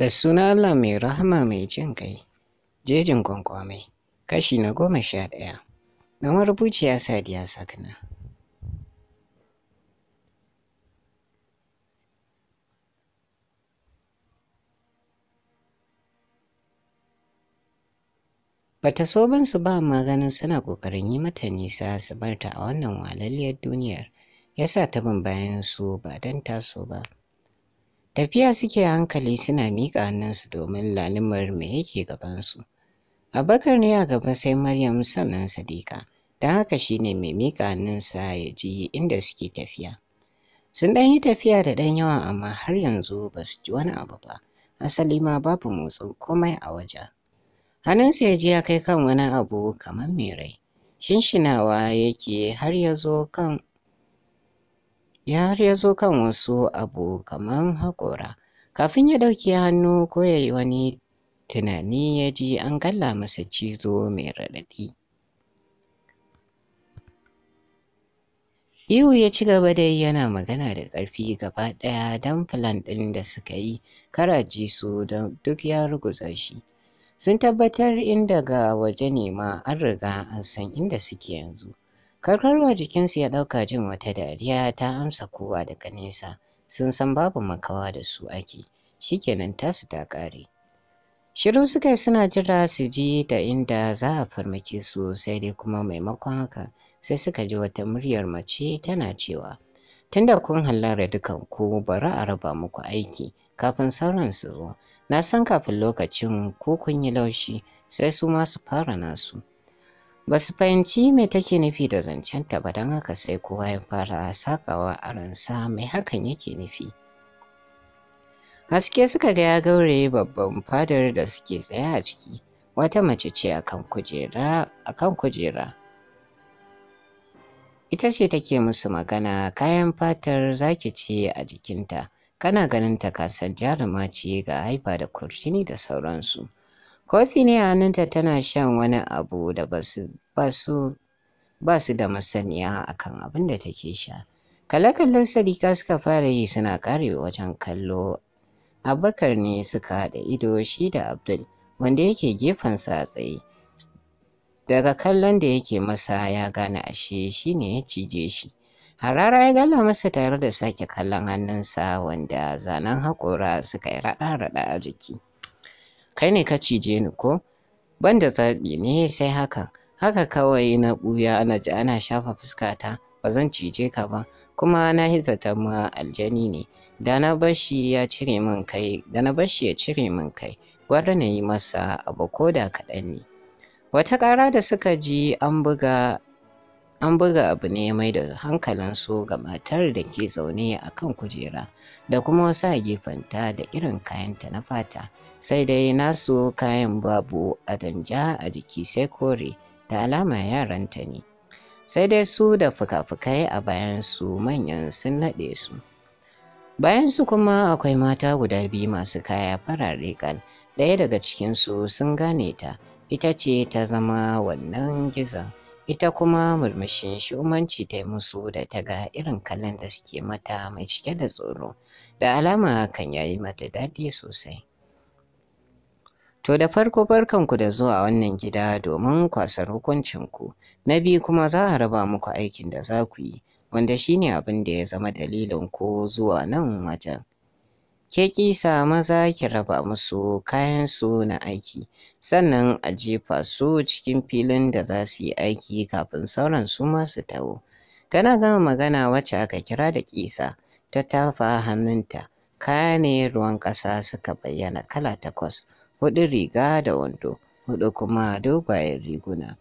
Da suna Allah mai rahama mai jin kai, jejin gwangwame kashi na goma sha ɗaya, na marubuciya Sadiya Sakna. Bata so ban su ba maganin suna ƙoƙarin yi mata nisa su barta a wannan walalliyar duniyar, yasa ta bin bayan su ba don taso ba. Tafiya suke hankali suna miƙa hannunsu domin lalimar me yake gabansu. Abakar ne a gaba sai Maryam sannan Sadiqa, don haka shi ne mai miƙa hannunsa ya ji inda suke tafiya. Sun ɗan yi tafiya da ɗan yawa amma har yanzu ba su ji wani abu ba, asali ma babu motsin komai a wajen. Hannunsa ya ji ya kai kan wani abu kamar mai rai, shinshinawa yake har ya zo kan ya har ya zo kan wasu abu kamar haƙora kafin ya ɗauki hannu ko ya yi wani tunani ya ji an galla masa cizo mai raɗaɗi Ihu ya ci gaba dai yana magana da ƙarfi gaba ɗaya don filan ɗin da suka yi karaji su don duk ya ruguza shi. Sun tabbatar in daga waje ne ma an riga an san inda suke yanzu. Karkarwa jikinsu ya ɗauka jin wata dariya ta amsa kowa daga nesa, sun san babu makawa da su ake, shikenan tasu ta ƙare. Shiru suka suna jira su ji da inda za a farmake su sai dai kuma maimakon haka sai suka ji wata muryar mace tana cewa, Tunda kun hallara dukan ku bari a raba muku aiki kafin sauran su zo, na san kafin lokacin ko kun yi laushi sai su ma su fara nasu. ba su fahimci me take nufi da zancenta ba don haka sai kowa ya fara sakawa a ransa mai hakan yake nufi haske suka ga ya gaure babban fadar da suke tsaye a ciki wata mace ce akan kujera kujera ita ce take musu magana kayan fatar zaki ce a jikinta kana ganin ta kasan jaruma ce ga haifa da kurjini da sauransu kofi ne a hannunta tana shan wani abu da ba su da masaniya akan abin da take sha kale kallen sadika suka fara yi suna kare wajen kallo abubakar ne suka haɗa ido shi da abdul wanda yake gefensa a tsaye daga kallon da yake masa ya gane ashe shi ne ya cije shi harara ya gala masa tare da sake kallon hannunsa wanda zanen haƙora suka yi raɗa-raɗa a jiki kai ne ka cije ni ko ban da zaɓi ne sai hakan haka kawai na ɓuya ana ji ana shafa fuskata ba zan cije ka ba kuma na hizata ma aljani ne da na bashi ya cire min kai da na bashi ya cire min kai gwara na yi masa abu ko da kaɗan ne wata ƙara da suka ji an buga an buga abu ne mai da hankalinsu ga matar da ke zaune a kan kujera da kuma wasu a gefenta da irin kayanta na fata sai dai nasu kayan babu a danja a jiki sai kore da alama yaranta ne sai dai su da fuka-fukai a su manyan sun naɗe su Bayan su kuma akwai mata guda biyu masu kaya farare kal ɗaya daga cikinsu sun gane ta ita ce ta zama wannan gizan. ita kuma murmushin shumanci ta yi musu da ta ga irin kallon da suke mata mai cike da tsoro da alama kan yayi mata daɗi sosai to da farko barkanku da zuwa wannan gida domin kwasar hukuncinku na biyu kuma za a raba muku aikin da za ku yi wanda shine abin da ya zama dalilin ko zuwa nan wajen ke kisa maza ki raba musu kayan su na aiki sannan a jefa su cikin filin da za su yi aiki kafin sauran su ma su taho tana gama magana wacce aka kira da kisa ta tafa hannunta kaya ne ruwan ƙasa suka bayyana kala takwas hudu riga da wando hudu kuma dogayen riguna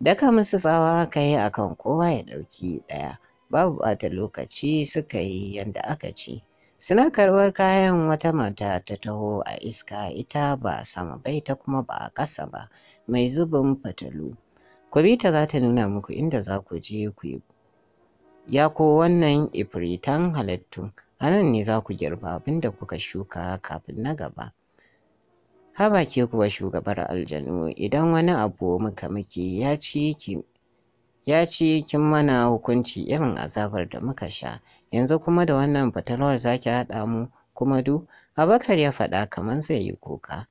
daka musu tsawa aka yi akan kowa ya ɗauki ɗaya babu ɓata lokaci suka yi yadda aka ci. Suna karɓar kayan wata mata ta taho a iska ita ba sama bai ta kuma ba a ƙasa ba mai zubin fatalu. kubita za ta nuna muku inda za ku je ku yi. Ya ko wannan ifritan halittu, a nan ne za ku girba abin da kuka shuka kafin na gaba. Haba ke kuwa shugabar aljanu idan wani abu muka muke ya ci ki ya ce kin mana hukunci irin azabar da muka sha yanzu kuma da wannan fatalwar zaki haɗa mu kuma du abakar ya faɗa kamar zai yi kuka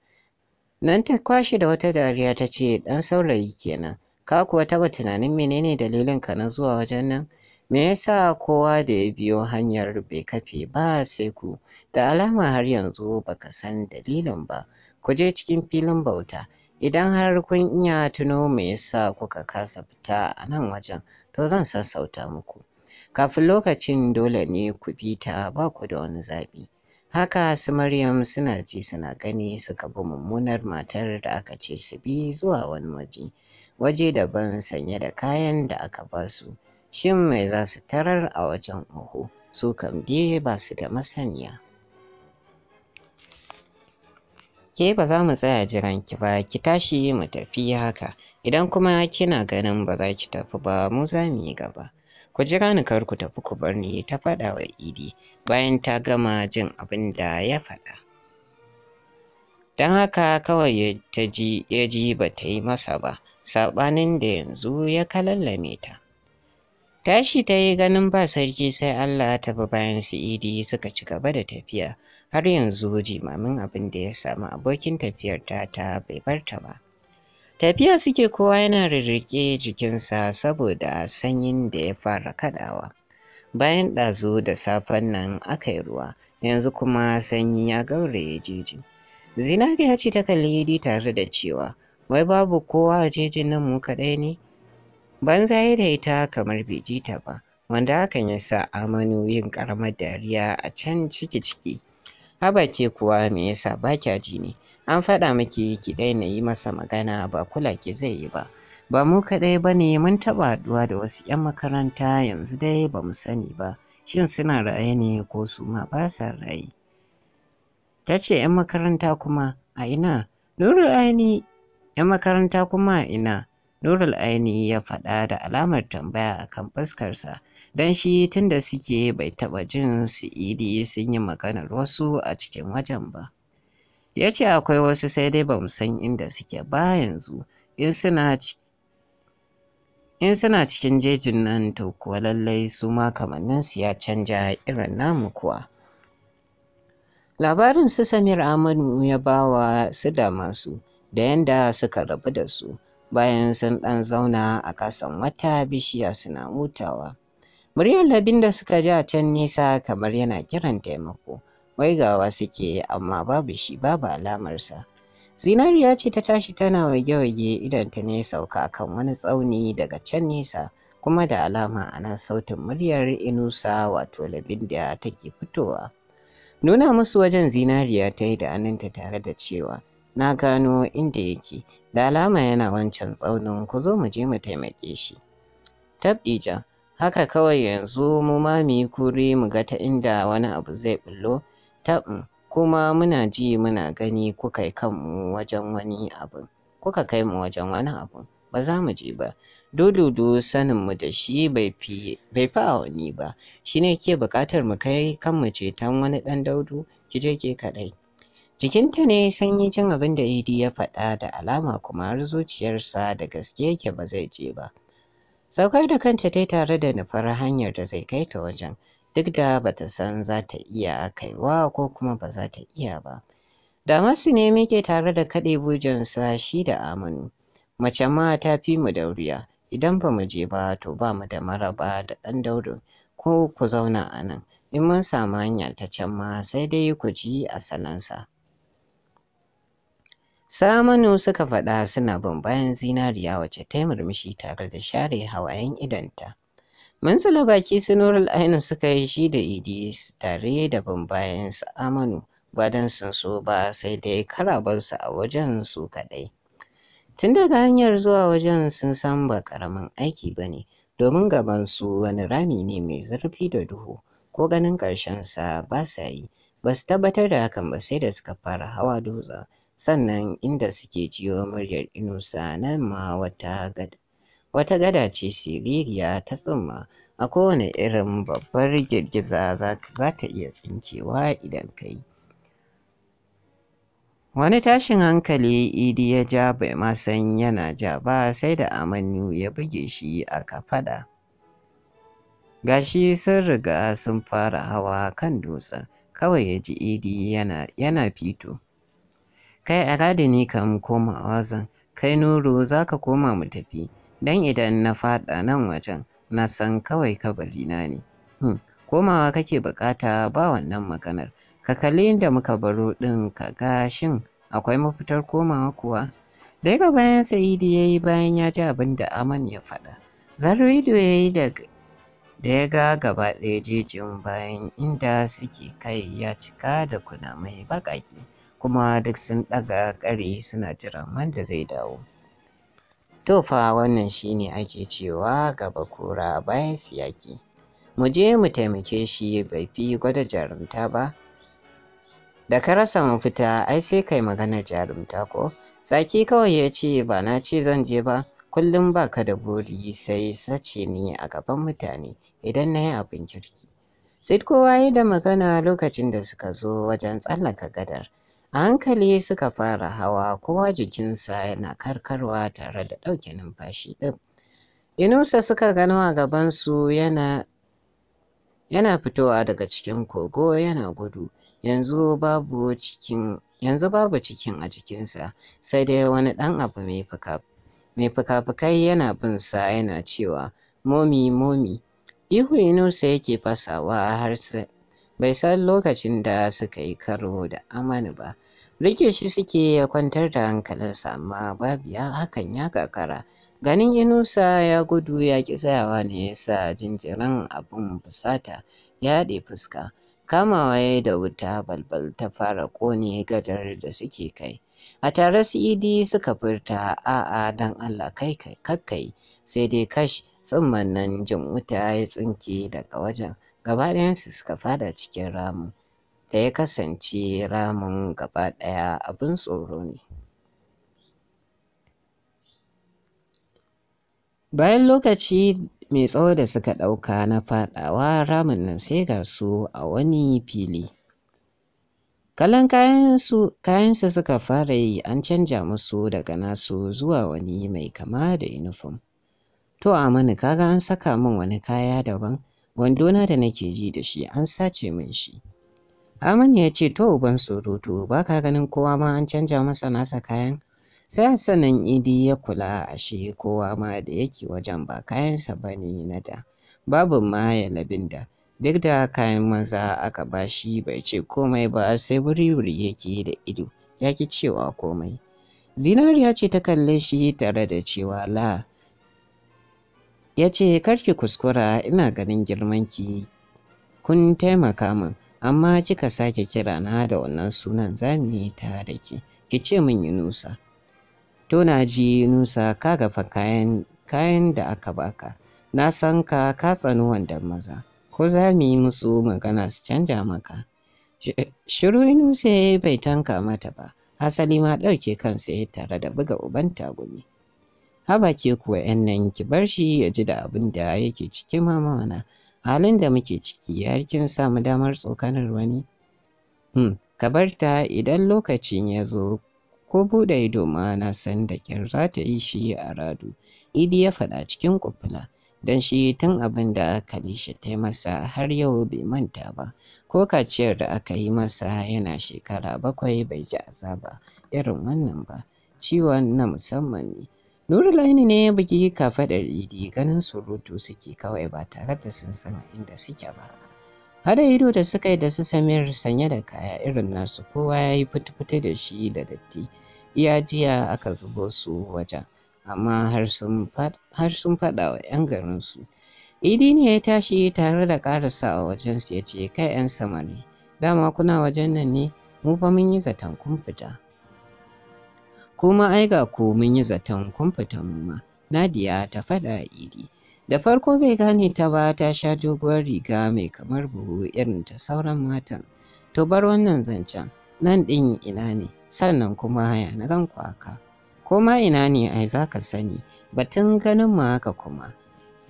nan ta kwashe da wata dariya ta ce ɗan saurayi kenan ka kuwa taɓa tunanin menene dalilin ka na zuwa wajen nan me yasa kowa da ya biyo hanyar bai kafe ba sai ku da alama har yanzu baka san dalilin ba ku je cikin filin bauta Idan har kun iya tuno me yasa kuka kasa fita a nan wajen, to zan sassauta muku. Kafin lokacin dole ne ku bi ta ba ku da wani zaɓi. Haka su Maryam suna ji suna gani suka bi mummunar matar da aka ce su bi zuwa wani waje, waje daban sanye da kayan da aka ba su. Shin mai za su tarar a wajen oho? Su kam dai ba su da masaniya. ke ba za mu tsaya jiran ki ba ki tashi mu tafi haka idan kuma kina ganin ba za ki tafi ba mu za mu yi gaba ku jira ni kar ku tafi ku bar ni ta faɗa wa idi bayan ta gama jin abin da ya faɗa don haka kawai ta ji ya ji ba ta yi masa ba saɓanin da yanzu ya kalallame ta tashi ta yi ganin ba sarki sai allah ta bi bayan su idi suka ci gaba da tafiya har yanzu jimamin abin da ya samu abokin tafiyar ta ta bai bar ta ba tafiya suke kowa yana rirriƙe jikinsa saboda sanyin da ya fara kaɗawa. bayan ɗazu da safen nan aka yi ruwa yanzu kuma sanyi ya ya jeji zinariya ce ta kalli yidi tare da cewa wai babu kowa a jejin nan mu kaɗai ne banza ya da ita kamar bai ba wanda hakan ya sa amanu yin ƙaramar dariya a can ciki ciki haba ke kuwa me yasa ba kya ji ne an faɗa miki ki daina yi masa magana ba kula ki zai yi ba ba mu kaɗai ba ne mun taɓa haɗuwa da wasu 'yan makaranta yanzu dai ba mu sani ba shin suna raye ne ko su ma ba sa raye ta ce 'yan makaranta kuma a ina nurul aini 'yan makaranta kuma a ina nurul aini ya faɗa da alamar tambaya akan fuskarsa don shi tunda suke bai taɓa jin su idi sun yi maganar wasu a cikin wajen ba. Ya ce akwai wasu sai dai ba san inda suke ba yanzu in suna cikin jejin nan to kuwa lallai su ma kamannin su ya canja irin namu kuwa. Labarin su Samir Ahmad ya bawa su dama su da yanda suka rabu da su bayan sun ɗan zauna a kasan wata bishiya suna mutawa. Muryar labin da suka ja can nesa kamar yana kiran taimako. wai wasu suke amma babu shi babu alamarsa. Zinariya ce ta tashi tana wage-wage idan ta ne sauka kan wani tsauni daga can nesa kuma da alama ana sautin muryar Inusa wato labin da take fitowa. Nuna musu wajen zinariya ta yi da aninta tare da cewa na gano inda yake da alama yana wancan tsaunin ku zo mu je mu taimake shi. Tab'ija. haka kawai yanzu mu ma mu yi kuri mu ga ta inda wani abu zai bullo taɓin mm, kuma muna ji muna gani kuka kai kanmu wajen wani abu kuka kai mu wajen wani abu ba za mu je ba doludu sanin mu da shi bai fi a wani ba shi ne ke bukatar mu kai kanmu ceton wani ɗan daudu ki je ke kaɗai jikinta ne yi jin abin da idi ya faɗa da alama kuma har zuciyarsa da gaske yake ba zai je ba Saukar da kanta ta tare da nufar hanyar da zai kai ta wajen, duk da ba ta san za ta iya kaiwa ko kuma ba za ta iya ba. Da Damasu ne muke tare da kaɗe bujansa shi da amanu. Mace ma ta fi mu dauriya, idan ba mu je ba to ba mu da maraba da ɗan daurin ko ku zauna a nan, in mun samu hanya ta can ma sai dai ku ji a salansa. Samanu suka faɗa suna bin bayan zinariya wacce ta murmushi tare da share hawayen idanta. Mansala baki su Nurul Ainu suka yi shi da Idris tare da bin bayan su ba don sun so ba sai dai su a wajen su kaɗai. Tun daga hanyar zuwa wajen sun san ba karamin aiki ba ne, domin gaban su wani rami ne mai zurfi da duhu, ko ganin sa ba sa yi, ba su tabbatar da hakan ba sai da suka fara hawa dutsen, sannan inda suke jiyo muryar inusa nan ma wata gada wata gada ce siririya ta tsumma a kowane irin babbar girgiza za ta iya tsinkewa idan ka yi wani tashin hankali idi ya ja bai ma san yana ja ba sai da amannu ya buge shi a kafada gashi sun riga sun fara hawa kan dutsen kawai ya ji idi yana fito Kai a ni ka mu koma wazan. kai Nuru za ka koma mu tafi, Dan idan na faɗa nan wajen, na san kawai ka kabarina ne. Hmm. Komawa kake bukata ba wannan maganar, ka kalli inda muka baro ɗin ka ga shin akwai mafitar komawa kuwa? Daga bayan Sa'idu ya yi bayan ya ji abin da Aman ya faɗa, zarro ido ya yi da ya ga gaba ɗaya jejin bayan inda suke kai ya cika da mai baƙaƙe. kuma duk sun ɗaga ƙari suna jiran wanda zai dawo. To fa wannan shine ake cewa gaba kura bayan siyaki. Mu je mu taimake shi bai fi gwada jarumta ba. Da ka rasa mafita ai sai kai magana jarumta ko? Saki kawai ya ce ba na ce zan je ba, kullum ba ka da buri sai sace ni a gaban mutane idan na yi abin kirki. Sai kowa yi da magana lokacin da suka zo wajen tsallaka gadar. A hankali suka fara hawa kowa jikinsa yana karkarwa tare da ɗauke numfashi ɗin. inusa suka gano a gabansu yana yana fitowa daga cikin kogo yana gudu yanzu babu cikin a jikinsa sai dai wani ɗan abu mai fuka mai yana bin sa yana cewa momi momi ihu inusa yake fasawa har sai. bai san lokacin da suka yi karo da amani ba rike shi suke ya kwantar da hankalinsa amma babu ya hakan ya kakara ganin inusa ya gudu ya ki tsayawa ne ya sa jinjirin abin busata ya haɗe fuska kamawa ya da wuta balbal ta fara ƙone gadar da suke kai a tare su idi suka furta a'a don allah kai kai kakkai sai dai kash tsumman nan jin wuta ya tsinke daga wajen gaba ɗayansu suka fada cikin ramu da ya kasance ramin gaba ɗaya abin tsoro ne. Bayan lokaci mai tsawo da suka ɗauka na faɗawa ramin nan sai ga su a wani fili. Kalan kayansu suka fara yi an canja musu daga nasu zuwa wani mai kama da yunifom. To a mani kaga an saka min wani kaya daban, wando na da nake ji da shi an sace min shi. Amani ya ce to uban surutu ba ka ganin kowa ma an canja masa nasa kayan. Sai sanin Idi ya kula a kowa ma da yake wajen ba kayansa ba ne na da. Babu ma ya labin da duk da kayan maza aka ba shi bai ce komai ba sai wuri-wuri yake da ido ya ki cewa komai. Zinariya ce ta kalle shi tare da cewa la ya ce karki kuskura ina ganin girmanki kun taimaka min amma kika sake kira na da wannan sunan za mu yi ta da ke ki ce min yunusa to na ji yunusa ka gafa kayan da aka baka na san ka ka tsani wanda maza ko za mu yi musu magana su canja maka shiru yunusa bai tanka mata ba asali ma ɗauke kansa ya tare da buga uban tagumi haba ke kuwa 'yan nan ki bar shi ya ji da abin da yake cikin mamana halin da muke ciki har kin samu damar tsokanar wani hmm, ka bar ta idan lokacin ya zo ko buɗe ido ma na san da kyar za ta yi shi a radu idi ya faɗa cikin kufula don shi tun abin da kalisha ta yi masa har yau bai manta ba ko kaciyar da aka yi masa yana shekara bakwai bai ji azaba irin wannan ba ciwon na musamman ne Nurulaini ne ya bugi faɗar Idi ganin surutu suke kawai ba tare da sun san inda suke ba. Hada ido da suka yi da su Samir sanye da kaya irin nasu kowa ya yi fita da shi da datti. Iya jiya aka zubo su wajen, amma har sun faɗa wa 'yan garinsu. Idi ne ya tashi tare da ƙarasa a wajen ya ce kai 'yan samari, dama kuna wajen nan ne, mu fa mun yi zaton kun fita. Kuma ai ga ku mun yi zaton kun fita mu ma. Nadiya ta faɗa iri. Da farko bai gane ta ba ta sha doguwar riga mai kamar buhu irin ta sauran matan. To bar wannan zancen nan ɗin ina ne sannan kuma haya na gan kwaka. Ko ma ina ne ai za ka sani batun ganin ma haka kuma.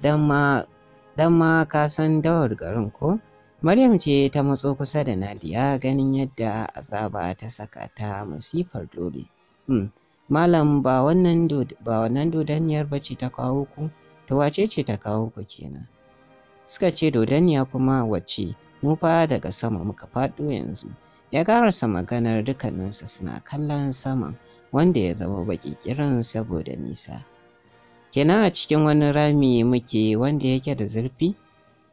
Dan ma ka san dawar garin ko? Maryam ce ta matso kusa da Nadia ganin yadda azaba ta saka ta masifar dole. Hmm. Malam ba wannan ba wannan dodaniyar bace ta kawo ku? To wace ce ta kawo ku kenan? Suka ce dodaniya kuma wace mu fa daga sama muka faɗo yanzu. Ya karasa maganar dukkaninsu suna kallon saman wanda ya zama baƙi kiran saboda nisa. Kenan a cikin wani rami muke wanda yake da zurfi?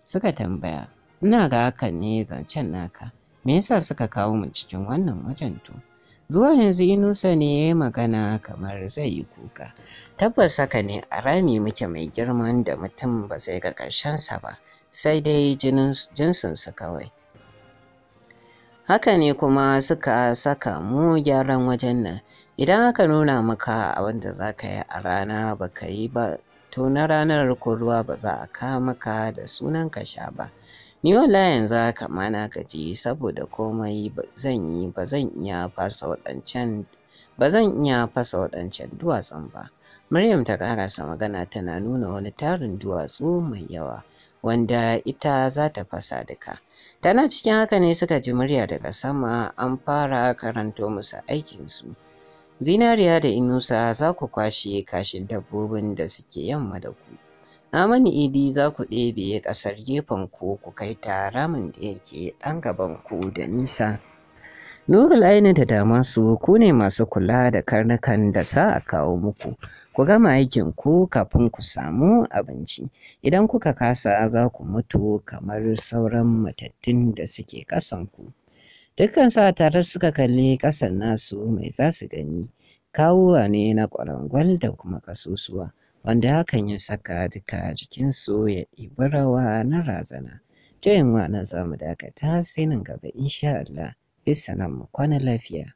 Suka tambaya, ina ga hakan ne zancen naka, me yasa suka kawo mu cikin wannan wajen to? Zuwa yanzu Inusa ne ya yi magana kamar zai yi kuka. Tabbas haka ne a rami muke mai girman da mutum ba zai ga ƙarshensa ba, sai dai jinsinsu kawai. Haka ne kuma suka saka mu gyaran wajen nan. Idan aka nuna maka abin da za ka yi a rana ba ka yi ba, to na ranar rukun ruwa ba za a kama maka da sunan ka sha ba. Ni wallahi yanzu haka ma na gaji saboda komai zan yi ba zan iya fasa waɗancan duwatsun ba. Maryam ta karasa magana tana nuna wani tarin duwatsu mai yawa wanda ita za ta fasa duka. Tana cikin haka ne suka ji murya daga sama an fara karanto musu aikinsu. Zinariya da Inusa za ku kwashe kashin dabbobin da suke yamma da ku. Amani Idi za ku ɗebe ƙasar gefen ku ku kai ta da yake ɗan gaban ku da nisa. Nuru laini da dama su ku ne masu kula da karnukan da za a kawo muku. Ku gama aikin ku kafin ku samu abinci. Idan kuka kasa za ku mutu kamar sauran matattun da suke ƙasan ku. Dukkan sa tare suka kalli ƙasan nasu mai za su gani. Kawuwa ne na ƙwarangwal da kuma kasusuwa. wanda hakan ya saka duka jikinsu ya ɗibi rawa na razana. Ta wa nan za mu dakata sai nan gaba insha Allah. Bisa nan mu kwana lafiya.